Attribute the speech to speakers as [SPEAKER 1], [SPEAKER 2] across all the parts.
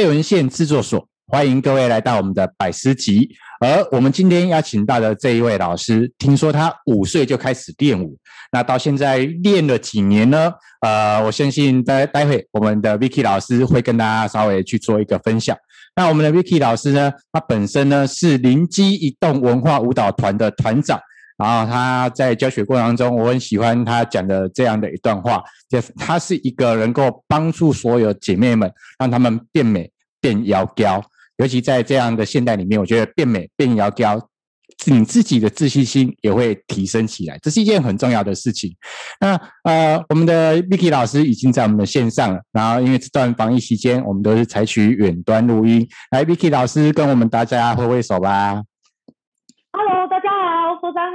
[SPEAKER 1] 費文獻製作所歡迎各位來到我們的百師集，而我們今天邀請到的這一位老師，聽說他五歲就開始練舞，那到現在練了幾年呢？呃，我相信待待會我們的 Vicky 老師會跟大家稍微去做一個分享。那我們的 Vicky 老師呢，他本身呢是靈機一動文化舞蹈團的團長。然後他在教學過程中，我很喜歡他講的這樣的一段話，就是他是一個能夠幫助所有姐妹們，讓他們變美、變窈窕，尤其在這樣的現代裡面，我覺得變美、變窈窕，你自己的自信心也會提升起來，這是一件很重要的事情。那呃，我們的 Vicky 老師已經在我們的線上了，然後因為這段防疫期間，我們都是採取遠端錄音，來 Vicky 老師跟我們大家揮揮手吧。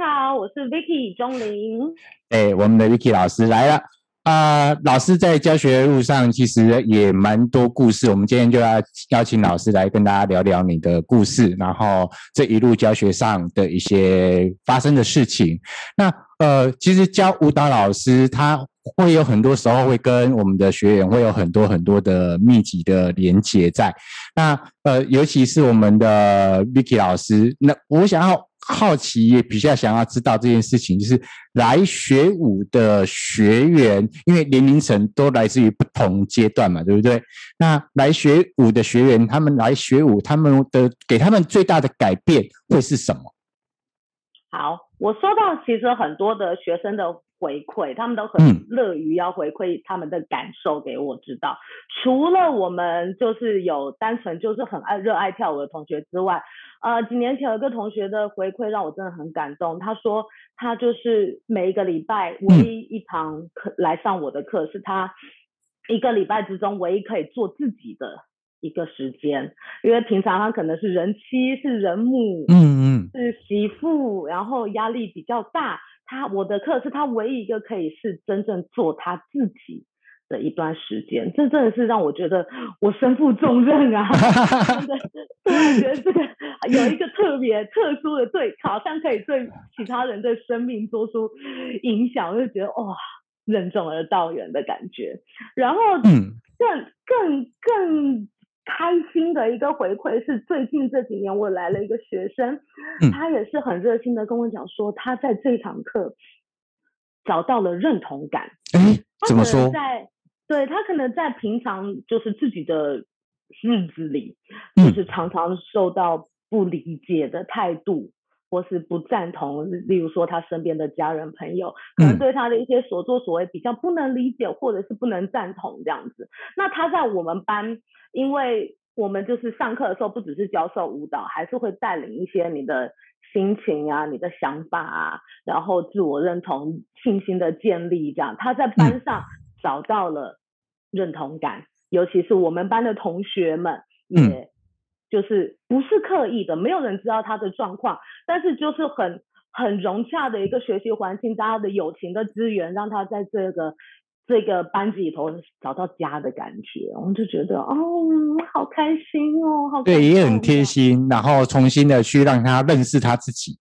[SPEAKER 2] 好
[SPEAKER 1] ，Hello, 我是 Vicky 鍾菱。誒，我們的 Vicky 老師來了啊、呃！老師在教學路上其實也蠻多故事。我們今天就要邀請老師來跟大家聊聊你的故事，然後這一路教學上的一些發生的事情。那呃，其實教舞蹈老師，他會有很多時候會跟我們的學員會有很多很多的密集的連接在。那呃，尤其是我們的 Vicky 老師，那我想要。好奇也比較想要知道這件事情，就是來學舞的學員，因為年齡層都來自於不同階段嘛，對不對？那來學舞的學員，他們來學舞，他們的給他們最大的改變會是什麼？好，
[SPEAKER 2] 我收到，其實很多的學生的。回饋，他們都很樂於要回饋他們的感受給我知道。嗯、除了我們就是有單純就是很愛熱愛跳舞的同學之外，呃，幾年前有個同學的回饋讓我真的很感動。他說他就是每一個禮拜、嗯、唯一一堂課來上我的課，是他一個禮拜之中唯一可以做自己的一個時間，因為平常他可能是人妻，是人母，嗯嗯，是媳婦，然後壓力比較大。他我的課是他唯一一個可以是真正做他自己的一段時間，這真的是讓我覺得我身負重任啊！ 真的，對，我覺得這個有一個特別特殊的對，好像可以對其他人的生命做出影響，我就覺得哇、哦，任重而道遠的感覺。然後更、嗯更，更更更。開心的一個回饋是，最近這幾年我來了一個學生，他也是很熱心的跟我講說，他在這堂課找到了認同感。嗯，怎麼說？在對他可能在平常就是自己的日子裡，就是常常受到不理解的態度。或是不贊同，例如說他身邊的家人朋友、嗯、可能對他的一些所作所為比較不能理解，或者是不能贊同這樣子。那他在我們班，因為我們就是上課的時候，不只是教授舞蹈，還是會帶領一些你的心情啊，你的想法啊，然後自我認同、信心的建立這樣。他在班上找到了認同感，尤其是我們班的同學們也、嗯。也就是不是刻意的，沒有人知道他的狀況，但是就是很很融洽的一個學習環境，大家的友情的資源，讓他在這個這個班級裡頭找到家的感
[SPEAKER 1] 覺，我們就覺
[SPEAKER 2] 得哦，好開心哦，好開心啊，對，也很貼
[SPEAKER 1] 心，然後重新的去讓他認識他自己，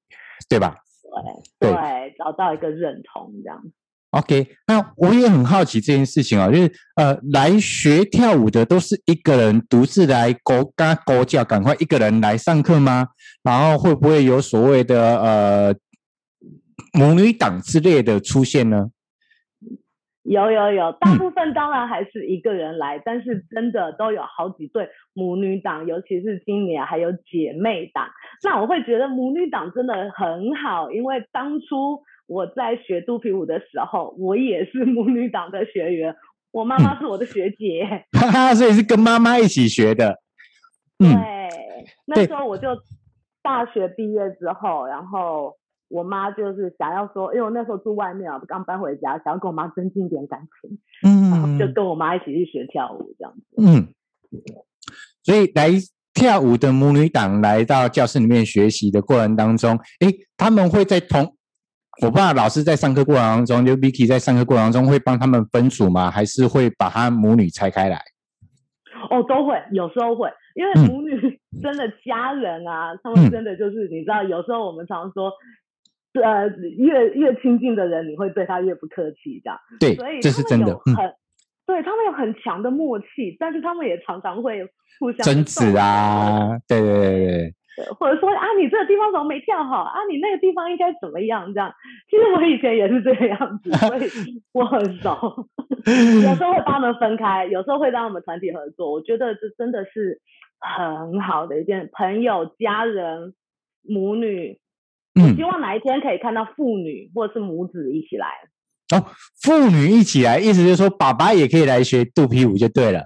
[SPEAKER 1] 對吧？對對，
[SPEAKER 2] 對對，找到一個認同這樣。
[SPEAKER 1] OK，那我也很好奇這件事情啊，就是呃，來學跳舞的都是一個人獨自來勾嘎勾叫，趕快一個人來上課嗎？然後會不會有所謂的呃母女檔之類的出現呢？
[SPEAKER 2] 有有有，大部分當然還是一個人來，嗯、但是真的都有好幾對母女檔，尤其是今年還有姐妹檔。那我會覺得母女檔真的很好，因為當初。我在學肚皮舞的時候，我也是母女黨的學員。我媽媽是我的學姐，
[SPEAKER 1] 所以是跟媽媽一起學的。嗯、
[SPEAKER 2] 對，那時候我就大學畢業之後，然後我媽就是想要說，因為我那時候住外面嘛，剛搬回家，想要跟我媽增進點感情，嗯，就
[SPEAKER 1] 跟
[SPEAKER 2] 我媽一起去學跳舞這樣
[SPEAKER 1] 子。嗯，所以來跳舞的母女黨來到教室裡面學習的過程當中，誒、欸，他們會在同。我爸老師在上課過程中，就 Vicky 在上課過程中會幫他們分組嗎？還是會把他母女拆開來？
[SPEAKER 2] 哦，都會，有時候會，因為母女真的家人啊，嗯、他們真的就是你知道，有時候我們常，常說，嗯、呃，越越親近的人，你會對他越不客氣，這樣對，這是真的，嗯、很對他們有很強的默契，但是他們也常常會互相爭執
[SPEAKER 1] 啊，對對對對。
[SPEAKER 2] 或者說啊，你這個地方怎麼沒跳好啊？你那個地方應該怎麼樣？這樣，其實我以前也是這樣子， 所以我很熟。 有時候會幫我們分開，有時候會讓我們團體合作。我覺得這真的是很好的一件，朋友、家人、母女。我希望哪一天可以看到父女或是母子一起來
[SPEAKER 1] 哦。父女一起來，意思就是說爸爸也可以來學肚皮舞，就對了。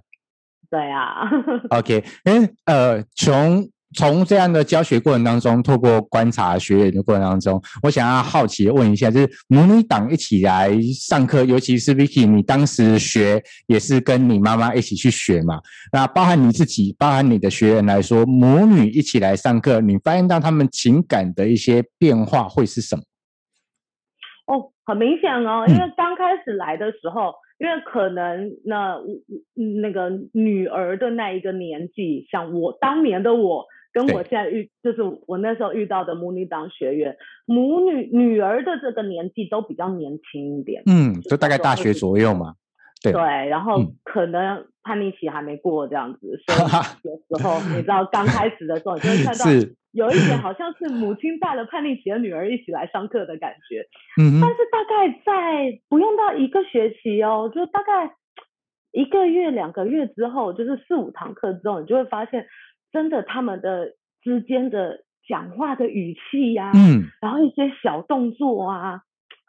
[SPEAKER 2] 對啊。
[SPEAKER 1] OK，嗯，呃，從。從這樣的教學過程當中，透過觀察學員的過程當中，我想要好奇問一下，就是母女檔一起來上課，尤其是 Vicky，你當時學也是跟你媽媽一起去學嘛？那包含你自己，包含你的學員來說，母女一起來上課，你發現到他們情感的一些變化會是什麼？
[SPEAKER 2] 哦，很明顯哦，嗯、因為剛開始來的時候，因為可能那那個女兒的那一個年紀，像我當年的我。跟我現在遇，對就是我那時候遇到的母女檔學員，母女女兒的這個年紀都比較年輕一點，
[SPEAKER 1] 嗯，就大概大學左右嘛，對，對
[SPEAKER 2] 然後可能叛逆期還沒過這樣子，嗯、所以有時候 你知道剛開始的時候，你就會看到是有一點好像是母親帶了叛逆期的女兒一起來上課的感覺，嗯哼，但是大概在不用到一個學期哦，就大概一個月兩個月之後，就是四五堂課之後，你就會發現。真的，他們的之間的講話的語氣呀、啊，嗯，然後一些小動作啊，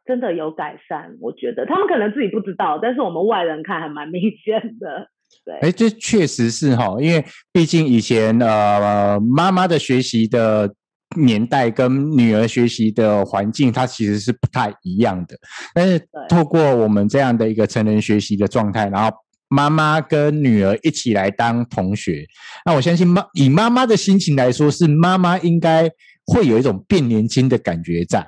[SPEAKER 2] 真的有改善。我覺得他們可能自己不知道，但是我們外人看還蠻明顯的。
[SPEAKER 1] 對，哎、欸，這確實是哈、哦，因為畢竟以前呃媽媽的學習的年代跟女兒學習的環境，它其實是不太一樣的。但是透過我們這樣的一個成人學習的狀態，然後。媽媽跟女兒一起來當同學，那我相信媽，以媽媽的心情來說，是媽媽應該會有一種變年輕的感覺在，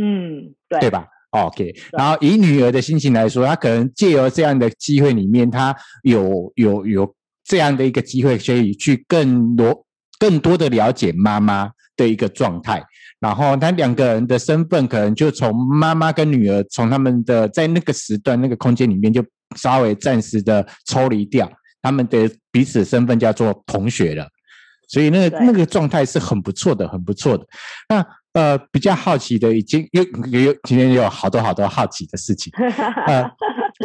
[SPEAKER 2] 嗯，對，對
[SPEAKER 1] 吧？OK，對，然後以女兒的心情來說，她可能借由這樣的機會裡面，她有有有這樣的一個機會，可以去更多更多的了解媽媽的一個狀態，然後她兩個人的身份可能就從媽媽跟女兒，從他們的在那個時段那個空間裡面就。稍微暫時的抽離掉他們的彼此身份，叫做同學了，所以那個對那個狀態是很不錯的，很不錯的。那。呃，比較好奇的，已經有有今天有好多好多好奇的事情，
[SPEAKER 2] 呃，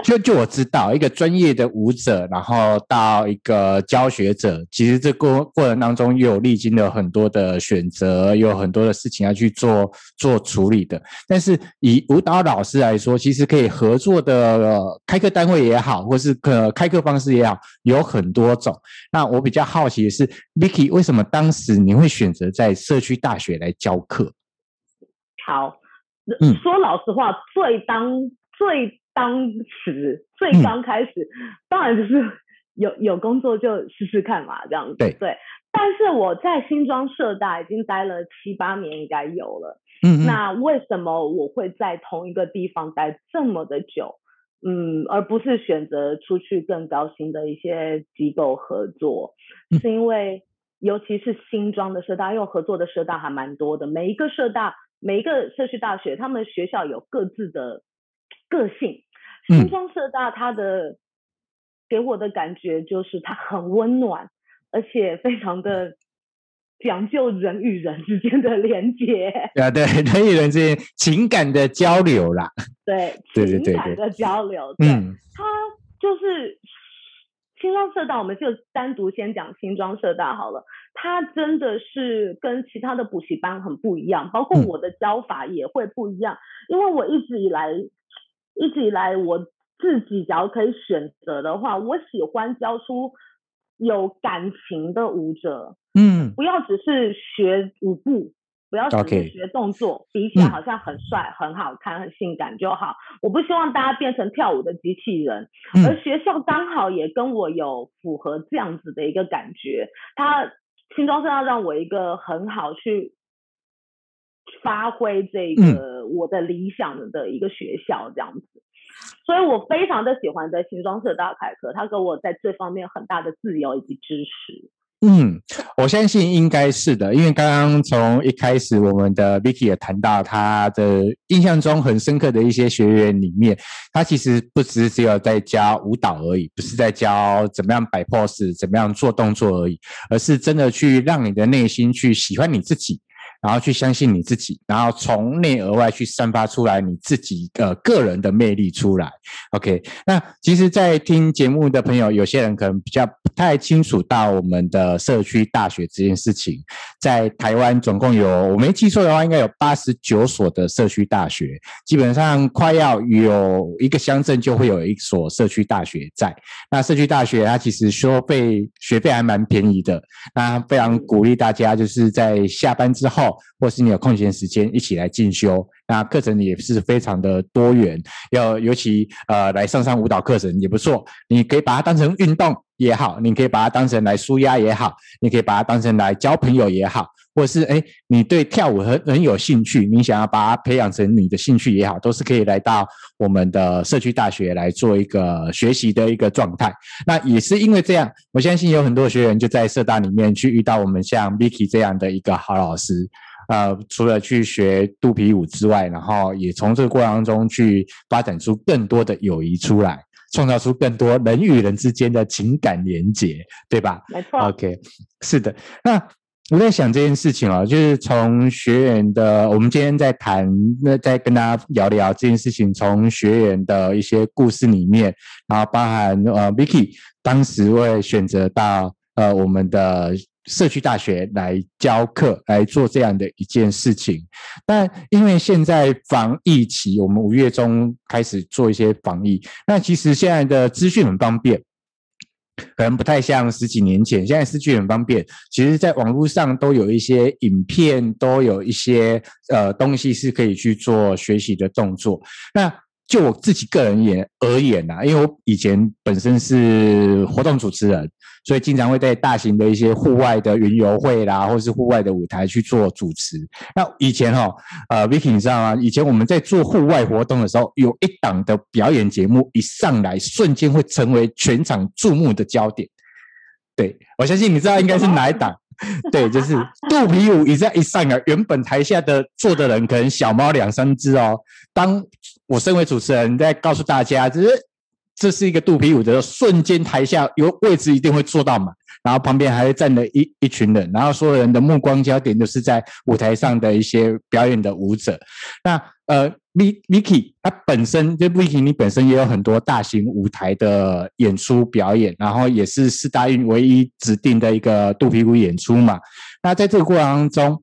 [SPEAKER 1] 就就我知道，一個專業的舞者，然後到一個教學者，其實這過過程當中有歷經了很多的選擇，有很多的事情要去做做處理的。但是以舞蹈老師來說，其實可以合作的，呃，開課單位也好，或是可，呃，開課方式也好，有很多種。那我比較好奇的是，Vicky，為什麼當時你會選擇在社區大學來教課？
[SPEAKER 2] 好，說老實話，最當、嗯、最當時最剛開始，嗯、當然就是有有工作就試試看嘛，這樣子對，對。但是我在新莊社大已經待了七八年，應該有了。嗯，那為什麼我會在同一個地方待這麼的久？嗯，而不是選擇出去更高薪的一些機構合作？嗯、是因為尤其是新莊的社大，因為合作的社大還蠻多的，每一個社大。每一個社區大學，他們學校有各自的個性。新莊社大，他的給我的感覺就是他很溫暖，而且非常的講究人與人之間的連接，啊，
[SPEAKER 1] 對，人與人之間情感的交流啦。對，對
[SPEAKER 2] 對對對，情感的交流。對，嗯，他就是。新莊社大，我們就單獨先講新莊社大好了。它真的是跟其他的補習班很不一樣，包括我的教法也會不一樣。嗯，因為我一直以來，一直以來我自己，只要可以選擇的話，我喜歡教出有感情的舞者。
[SPEAKER 1] 嗯，
[SPEAKER 2] 不要只是學舞步。不要只學動作，Okay 比起來好像很帥、嗯、很好看、很性感就好。我不希望大家變成跳舞的機器人，嗯、而學校剛好也跟我有符合這樣子的一個感覺。他新莊社大是要讓我一個很好去發揮這個我的理想的一個學校這樣子，嗯、所以我非常的喜歡在新莊社大開課，他給我在這方面很大的自由以及支持。
[SPEAKER 1] 嗯，我相信應該是的，因為剛剛從一開始，我們的 Vicky 也談到他的印象中很深刻的一些學員裡面，他其實不只是只有在教舞蹈而已，不是在教怎麼樣擺 pose、怎麼樣做動作而已，而是真的去讓你的內心去喜歡你自己。然後去相信你自己，然後從內而外去散發出來你自己呃個人的魅力出來。OK，那其實，在聽節目的朋友，有些人可能比較不太清楚到我們的社區大學這件事情。在台灣，總共有，我沒記錯的話，應該有八十九所的社區大學，基本上快要有一個鄉鎮就會有一所社區大學在。那社區大學它其實收費，學費還蠻便宜的，那非常鼓勵大家就是在下班之後。或是你有空閒時間一起來進修，那課程也是非常的多元。要尤其呃來上上舞蹈課程也不錯。你可以把它當成運動也好，你可以把它當成來舒壓也好，你可以把它當成來交朋友也好，或是誒、欸、你對跳舞很很有興趣，你想要把它培養成你的興趣也好，都是可以來到我們的社區大學來做一個學習的一個狀態。那也是因為這樣，我相信有很多學員就在社大裡面去遇到我們像 Vicky 這樣的一個好老師。啊、呃，除了去學肚皮舞之外，然後也從這個過程當中去發展出更多的友誼出來，創造出更多人與人之間的情感連結，對吧？沒錯。OK，是的。那我在想這件事情啊、哦，就是從學員的，我們今天在談，那在跟大家聊一聊這件事情，從學員的一些故事裡面，然後包含呃，Vicky 當時會選擇到呃我們的。社區大學來教課，來做這樣的一件事情，但因為現在防疫期，我們五月中開始做一些防疫。那其實現在的資訊很方便，可能不太像十幾年前。現在資訊很方便，其實在網絡上都有一些影片，都有一些呃東西是可以去做學習的動作。那就我自己個人而言吶、啊，因為我以前本身是活動主持人，所以經常會在大型的一些戶外的園遊會啦，或是戶外的舞台去做主持。那以前哦呃，Vicky 你知道嗎？以前我們在做戶外活動的時候，有一檔的表演節目一上來，瞬間會成為全場注目的焦點。對，我相信你知道應該是哪一檔？ 對，就是肚皮舞，一在一上啊，原本台下的坐的人可能小貓兩三隻哦，當。我身為主持人，在告訴大家，就是這是一個肚皮舞的瞬間，台下有位置一定會坐到嘛，然後旁邊還站着一一群人，然後所有人的目光焦點都是在舞台上的一些表演的舞者。那呃，Vi Vicky 她本身，就 Vicky 你本身也有很多大型舞台的演出表演，然後也是四大運唯一指定的一個肚皮舞演出嘛。那在這個過程當中。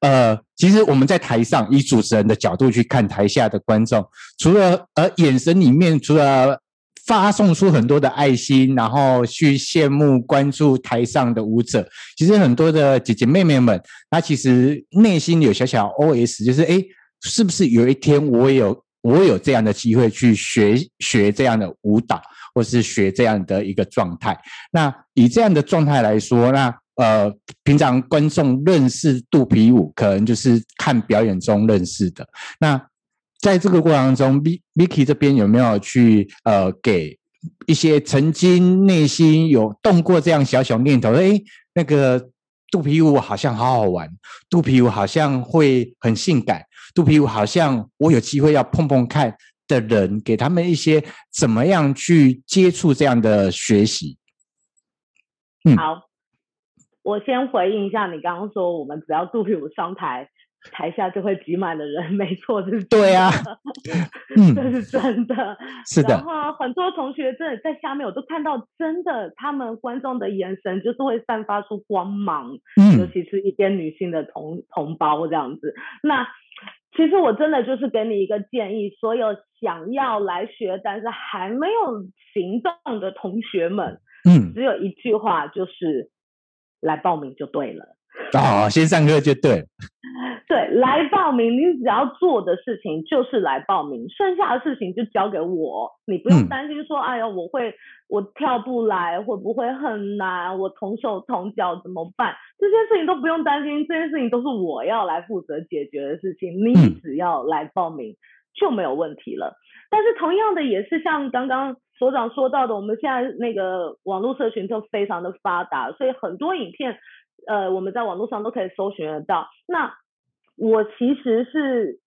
[SPEAKER 1] 呃，其實我們在台上以主持人的角度去看台下的觀眾，除了呃眼神裡面，除了發送出很多的愛心，然後去羨慕、關注台上的舞者，其實很多的姐姐妹妹們，她其實內心有小小 OS，就是誒是不是有一天我有我有這樣的機會去學學這樣的舞蹈，或是學這樣的一個狀態？那以這樣的狀態來說，那。呃，平常觀眾認識肚皮舞，可能就是看表演中認識的。那在這個過程當中 Vicky 這邊有沒有去呃，給一些曾經內心有動過這樣小小念頭的，誒，那個肚皮舞好像好好玩，肚皮舞好像會很性感，肚皮舞好像我有機會要碰碰看的人，給他們一些怎麼樣去接觸這樣的學習？嗯，
[SPEAKER 2] 好。我先回應一下你剛剛說，我們只要肚皮舞上台，台下就會擠滿的人，沒錯，是對啊， 嗯，
[SPEAKER 1] 這
[SPEAKER 2] 是真的，是的。然後很多同學真的在下面，我都看到，真的他們觀眾的眼神就是會散發出光芒，嗯，尤其是一些女性的同同胞這樣子。那其實我真的就是給你一個建議，所有想要來學但是還沒有行動的同學們，嗯，只有一句話就是。嗯來報名就對了，
[SPEAKER 1] 哦，先上課就對，
[SPEAKER 2] 對，來報名，你只要做的事情就是來報名，剩下的事情就交給我，你不用擔心說，嗯、哎呀，我會我跳不來，會不會很難，我同手同腳怎麼辦？這些事情都不用擔心，這些事情都是我要來負責解決的事情，你只要來報名就沒有問題了。嗯、但是同樣的，也是像剛剛。所長說到的，我們現在那個網絡社群都非常的發達，所以很多影片，呃，我們在網絡上都可以搜尋得到。那我其實是，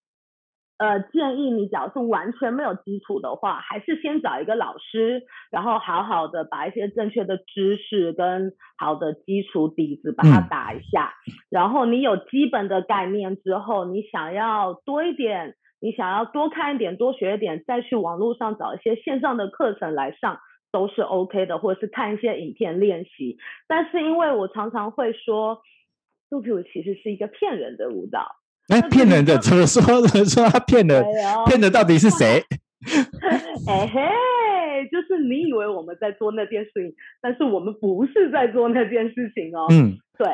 [SPEAKER 2] 呃，建議你，假如說完全沒有基礎的話，還是先找一個老師，然後好好的把一些正確的知識跟好的基礎底子把它打一下。嗯、然後你有基本的概念之後，你想要多一點。你想要多看一點，多學一點，再去網絡上找一些線上的課程來上都是 OK 的，或者是看一些影片練習。但是因為我常常會說，肚皮舞其實是一個騙人的舞蹈。
[SPEAKER 1] 哎，誒，就是、騙人的？怎麼說？怎麼說？他騙的，哎、呦騙的到底是誰？
[SPEAKER 2] 哎嘿，就是你以為我們在做那件事情，但是我們不是在做那件事情哦。嗯，對。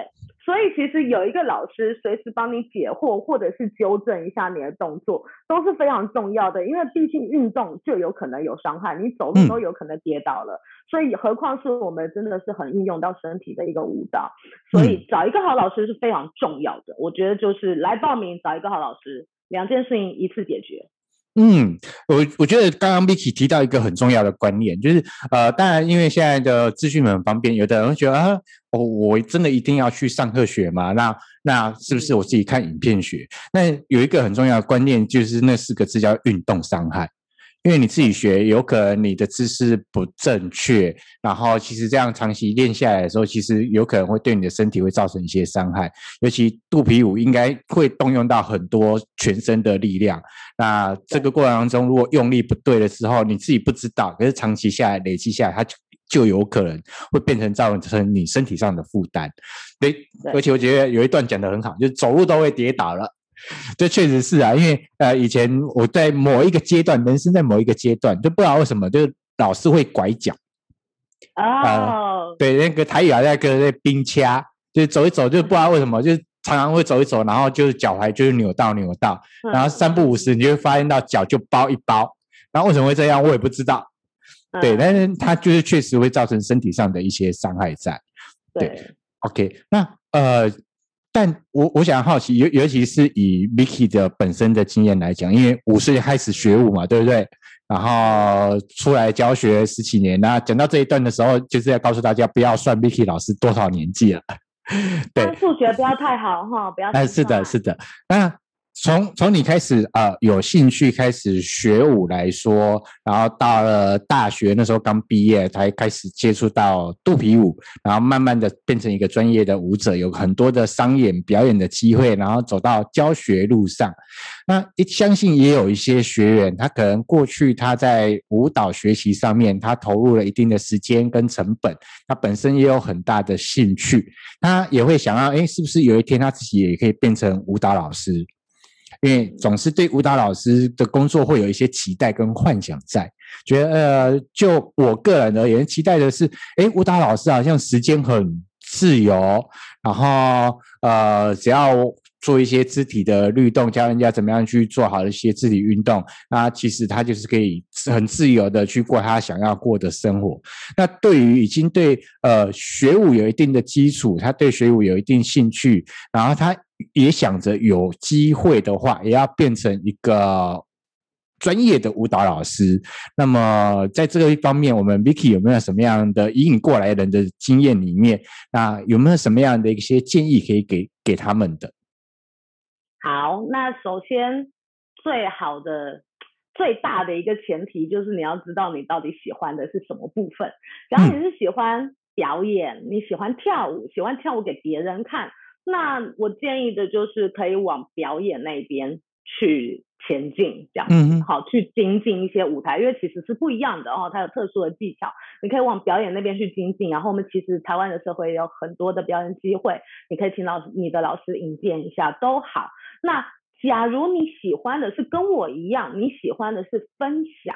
[SPEAKER 2] 所以其實有一個老師隨時幫你解惑，或者是糾正一下你的動作，都是非常重要的。因為畢竟運動就有可能有傷害，你走路都有可能跌倒了，所以何況是我們真的是很運用到身體的一個舞蹈。所以找一個好老師是非常重要的。我覺得就是來報名找一個好老師，兩件事情一次解決。
[SPEAKER 1] 嗯，我我覺得剛剛 Vicky 提到一個很重要的觀念，就是呃，當然因為現在的資訊很方便，有的人會覺得啊，我、哦、我真的一定要去上課學嗎？那那是不是我自己看影片學？那有一個很重要的觀念，就是那四個字叫運動傷害。因為你自己學，有可能你的姿勢不正確，然後其實這樣長期練下來的時候，其實有可能會對你的身體會造成一些傷害。尤其肚皮舞應該會動用到很多全身的力量，那這個過程當中如果用力不對的時候，對你自己不知道，可是長期下來累積下來，它就就有可能會變成造成你身體上的負擔。對，而且我覺得有一段講得很好，就是走路都會跌倒了。這確實是啊，因為呃，以前我在某一個階段，人生在某一個階段，就不知道為什麼，就是老是會拐腳。
[SPEAKER 2] 哦、oh. 呃，
[SPEAKER 1] 對，那個台語、啊，那個冰、那個、掐，就走一走，就不知道為什麼，就常常會走一走，然後就是腳踝就是扭到扭到，嗯、然後三不五時，你就會發現到腳就包一包，然後為什麼會這樣，我也不知道。嗯、對，但是它就是確實會造成身體上的一些傷害在。對,對，OK，那呃。但我我想好奇，尤尤其是以 Vicky 的本身的經驗來講，因為五歲開始學舞嘛，對不對？然後出來教學十幾年，那講到這一段的時候，就是要告訴大家不要算 Vicky 老師多少年紀了。對，數學不要
[SPEAKER 2] 太好哈，不要太好。
[SPEAKER 1] 是的，是的，那、啊。從從你開始呃有興趣開始學舞來說，然後到了大學那時候剛畢業，才開始接觸到肚皮舞，然後慢慢的變成一個專業的舞者，有很多的商演表演的機會，然後走到教學路上。那一相信也有一些學員，他可能過去他在舞蹈學習上面，他投入了一定的時間跟成本，他本身也有很大的興趣，他也會想要，哎，是不是有一天他自己也可以變成舞蹈老師？因為總是對舞蹈老師的工作會有一些期待跟幻想在，覺得呃，就我個人而言，期待的是，誒，舞蹈老師好像時間很自由，然後呃，只要做一些肢體的律動，教人家怎麼樣去做好一些肢體運動，那其實他就是可以很自由的去過他想要過的生活。那對於已經對呃學舞有一定的基礎，他對學舞有一定興趣，然後他。也想着有機會的話，也要變成一個專業的舞蹈老師。那麼，在這個一方面，我們 Vicky 有沒有什麼樣的引領過來人的經驗裡面？那有沒有什麼樣的一些建議可以給給他們的？
[SPEAKER 2] 好，那首先，最好的、最大的一個前提就是你要知道你到底喜歡的是什麼部分。然後你是喜歡表演，嗯、你喜歡跳舞，喜歡跳舞給別人看。那我建議的就是可以往表演那邊去前進，這樣子好去精進一些舞台，因為其實是不一樣的哦，它有特殊的技巧，你可以往表演那邊去精進。然後我們其實台灣的社會也有很多的表演機會，你可以請老你的老師引薦一下都好。那假如你喜歡的是跟我一樣，你喜歡的是分享，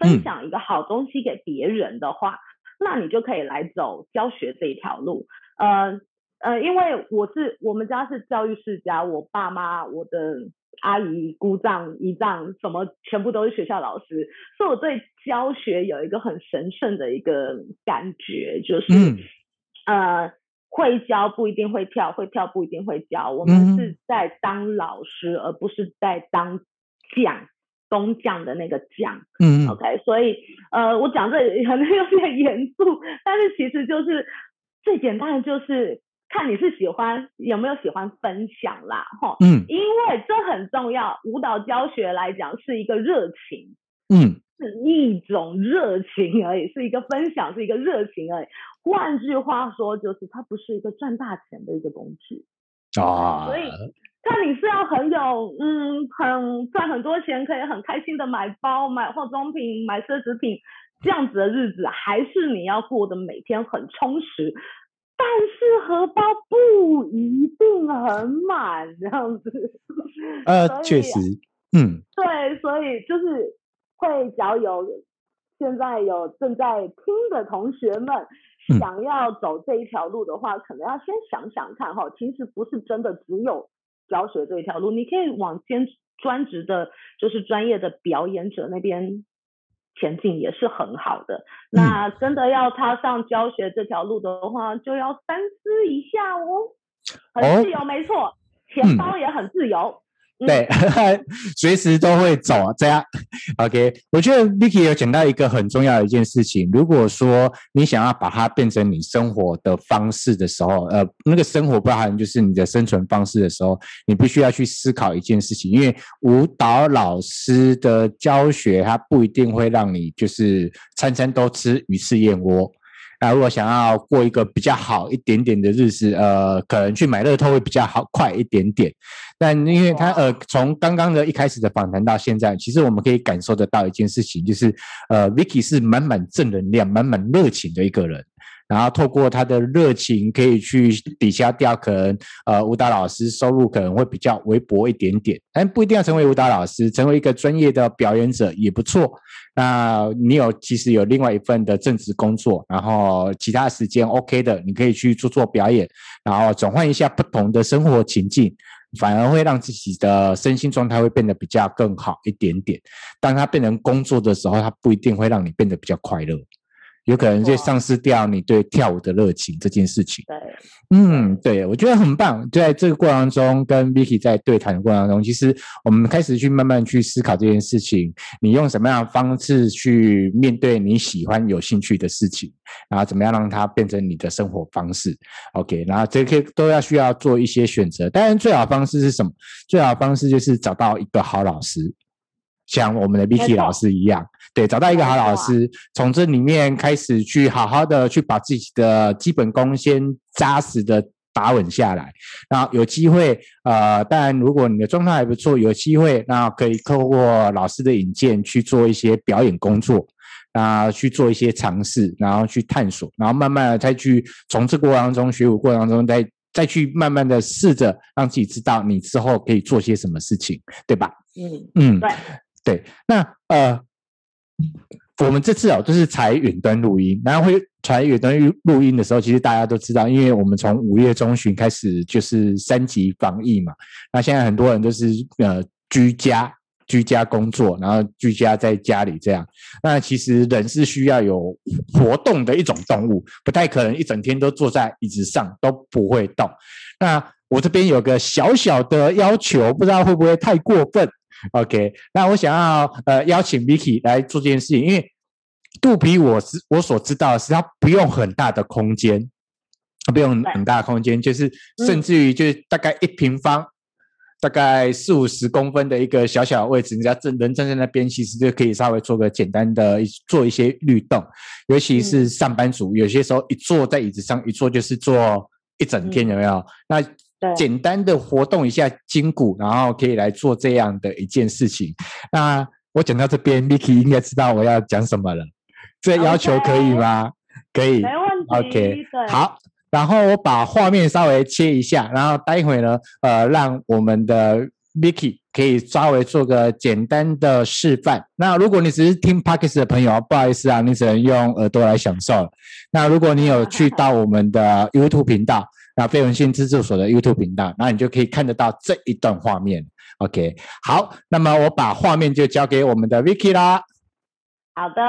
[SPEAKER 2] 分享一個好東西給別人的話，那你就可以來走教學這一條路，呃。呃，因為我是我們家是教育世家，我爸媽、我的阿姨、姑丈、姨丈，什麼全部都是學校老師，所以我對教學有一個很神聖的一個感覺，就是、嗯、呃，會教不一定會跳，會跳不一定會教。我們是在當老師，嗯、而不是在當匠，工匠的那個匠。嗯嗯。OK，所以呃，我講這可能有點嚴肅，但是其實就是最簡單的就是。看你是喜歡有沒有喜歡分享啦，哈、哦，嗯，因為這很重要。舞蹈教學來講是一個熱情，嗯，是一種熱情而已，是一個分享，是一個熱情而已。換句話說，就是它不是一個賺大錢的一個東西啊。所以看你是要很有嗯，很賺很多錢，可以很開心的買包、買化妝品、買奢侈品，奢侈品這樣子的日子，還是你要過得每天很充實。但是荷包不一定很滿這樣子，呃， 所以啊、確
[SPEAKER 1] 實，嗯，
[SPEAKER 2] 對，所以就是會教有現在有正在聽的同學們，想要走這一條路的話，嗯、可能要先想想看哈、哦，其實不是真的只有教學這一條路，你可以往兼專職的，就是專業的表演者那邊。前景也是很好的。那真的要踏上教學這條路的話，嗯、就要三思一下哦。很自由沒，沒錯、哦，錢包也很自由。嗯對，
[SPEAKER 1] 隨時都會走啊這樣。OK，我覺得 Vicky 有講到一個很重要的一件事情。如果說你想要把它變成你生活的方式的時候，呃，那個生活包含就是你的生存方式的時候，你必須要去思考一件事情，因為舞蹈老師的教學，它不一定會讓你就是餐餐都吃魚翅燕窩。那如果想要過一個比較好一點點的日子，呃，可能去買樂透會比較好，快一點點。但因為他呃，從剛剛的一開始的訪談到現在，其實我們可以感受得到一件事情，就是呃，Vicky 是滿滿正能量、滿滿熱情的一個人。然後透過他的熱情，可以去抵消掉可能呃舞蹈老師收入可能會比較微薄一點點，但不一定要成為舞蹈老師，成為一個專業的表演者也不錯。那你有其實有另外一份的正職工作，然後其他時間 OK 的，你可以去做做表演，然後轉換一下不同的生活情境，反而會讓自己的身心狀態會變得比較更好一點點。當他變成工作的時候，他不一定會讓你變得比較快樂。有可能就喪失掉你對跳舞的熱情這件事情。對嗯，對，我覺得很棒。在這個過程中，跟 Vicky 在對談的過程中，其實我們開始去慢慢去思考這件事情：你用什麼樣的方式去面對你喜歡、有興趣的事情，然後怎麼樣讓它變成你的生活方式？OK，然後這些都要需要做一些選擇。當然，最好的方式是什麼？最好的方式就是找到一個好老師。像我們的 Vicky 老師一樣，對，找到一個好老師，從這裡面開始去好好的去把自己的基本功先扎實的打穩下來。那有機會，呃，當然如果你的狀態還不錯，有機會，那可以透過老師的引薦去做一些表演工作啊，去做一些嘗試，然後去探索，然後慢慢的再去從這個過程當中學舞過程當中，再再去慢慢的試着讓自己知道你之後可以做些什麼事情，對吧？嗯嗯。對，那呃，我們這次哦，就是採遠端錄音，然後會採遠端錄音的時候，其實大家都知道，因為我們從五月中旬開始就是三級防疫嘛，那現在很多人都是呃居家、居家工作，然後居家在家裡這樣。那其實人是需要有活動的一種動物，不太可能一整天都坐在椅子上都不會動。那我這邊有個小小的要求，不知道會不會太過分？OK，那我想要呃邀請 Vicky 來做這件事情，因為肚皮我是我所知道的是，它，不用很大的空間，它不用很大的空間，就是甚至於就是大概一平方，嗯、大概四五十公分的一個小小的位置，人家站人站在那邊，其實就可以稍微做個簡單的做一些律動，尤其是上班族，嗯、有些時候一坐在椅子上一坐就是坐一整天，有沒有？那對簡單的活動一下筋骨，然後可以來做這樣的一件事情。那我講到這邊，Miki 應該知道我要講什麼了。這要求可以嗎？Okay. 可以，沒問題。OK，對好。然後我把畫面稍微切一下，然後待會呢，呃，讓我們的 Miki 可以稍微做個簡單的示範。那如果你只是聽 Podcast 的朋友，不好意思啊，你只能用耳朵來享受。那如果你有去到我們的 YouTube 頻道。 那非文信自助所的 YouTube 頻道，那你就可以看得到這一段畫面。OK，好，那麼我把畫面就交給我們的 Vicky 啦。
[SPEAKER 2] 好的，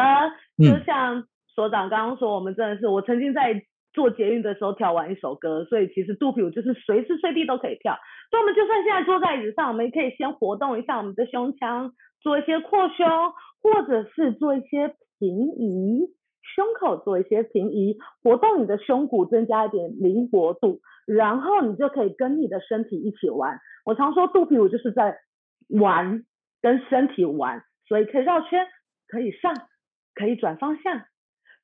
[SPEAKER 2] 就是、像所長剛剛說，我們真的是、嗯、我曾經在坐捷運的時候跳完一首歌，所以其實肚皮舞就是隨時隨地都可以跳。所以，我們就算現在坐在椅子上，我們也可以先活動一下我們的胸腔，做一些擴胸，或者是做一些平移。胸口做一些平移，活動你的胸骨，增加一點靈活度，然後你就可以跟你的身體一起玩。我常說肚皮舞就是在玩，跟身體玩，所以可以繞圈，可以上，可以轉方向，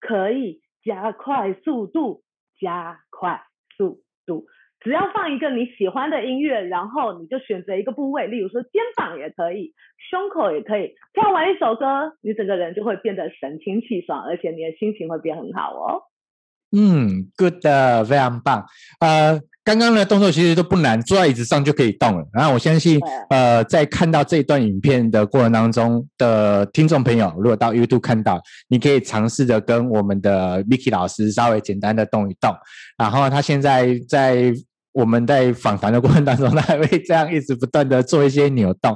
[SPEAKER 2] 可以加快速度，加快速度。只要放一個你喜歡的音樂，然後你就選擇一個部位，例如說肩膀也可以，胸口也可以。跳完一首歌，你整個人就會變得神清氣爽，而且你的心情會變很好哦。
[SPEAKER 1] 嗯，good，非常棒。呃，剛剛的動作其實都不難，坐在椅子上就可以動了。然後我相信，對呃，在看到這段影片的過程當中的聽眾朋友，如果到 YouTube 看到，你可以嘗試着跟我們的 Vicky 老師稍微簡單的動一動。然後他現在在。我們在訪談的過程當中，他還會這樣一直不斷的做一些扭動。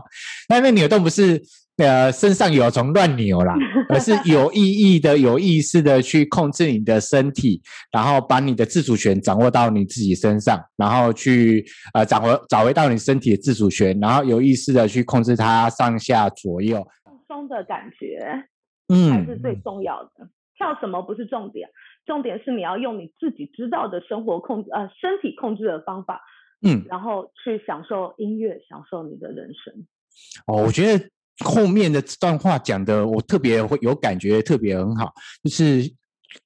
[SPEAKER 1] 那那扭動不是呃身上有蟲亂扭啦，而是有意義的、 有意識的去控制你的身體，然後把你的自主權掌握到你自己身上，然後去呃掌握找回到你身體的自主權，然後有意識的去控制它上下左右放鬆，
[SPEAKER 2] 鬆的感覺，嗯，才是最重要的。跳什麼不是重點。重點是你要用你自己知道的生活控制，呃，身體控制的方法，嗯，然後去享受音樂，享受你的人生。哦，
[SPEAKER 1] 我覺得後面的這段話講的我特別會有感覺，特別很好，就是。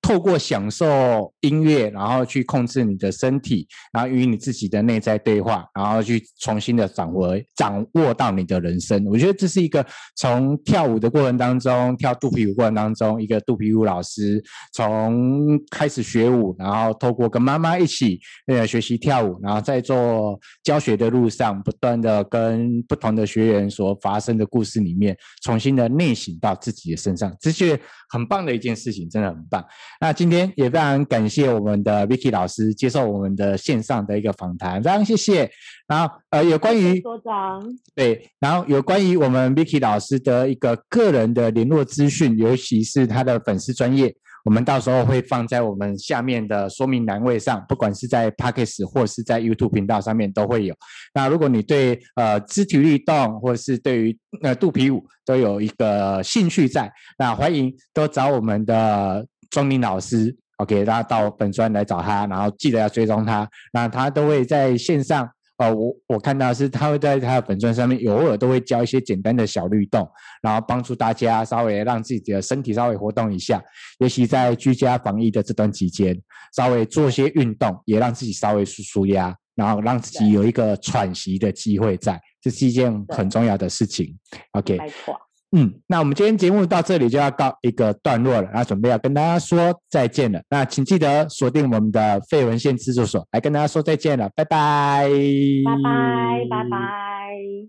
[SPEAKER 1] 透過享受音樂，然後去控制你的身體，然後與你自己的內在對話，然後去重新的掌握掌握到你的人生。我覺得這是一個從跳舞的過程當中，跳肚皮舞過程當中，一個肚皮舞老師從開始學舞，然後透過跟媽媽一起呃學習跳舞，然後在做教學的路上，不斷的跟不同的學員所發生的故事裡面，重新的內省到自己的身上，這是很棒的一件事情，真的很棒。那今天也非常感謝我們的 Vicky 老師接受我們的線上的一個訪談，非常謝謝。然後呃，有關於所長對，然後有關於我們 Vicky 老師的一個個人的聯絡資訊，尤其是他的粉絲專頁，我們到時候會放在我們下面的說明欄位上，不管是在 Podcast 或是在 YouTube 頻道上面都會有。那如果你對呃肢體律動或是對於呃肚皮舞都有一個興趣在，那歡迎都找我們的。鍾菱老師，OK，大家到本專來找他，然後記得要追蹤他。那他都會在線上，哦、呃，我我看到是，他會在他的本專上面偶爾都會教一些簡單的小律動，然後幫助大家稍微讓自己的身體稍微活動一下，尤其在居家防疫的這段期間，稍微做些運動，也讓自己稍微舒舒壓，然後讓自己有一個喘息的機會在，在對 這是一件很重要的事情。對 OK。沒錯嗯，那我們今天節目到這裡就要告一個段落了，那準備要跟大家說再見了。那請記得鎖定我們的廢文獻製作所，來跟大家說再見了，拜拜，拜拜，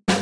[SPEAKER 1] 拜拜。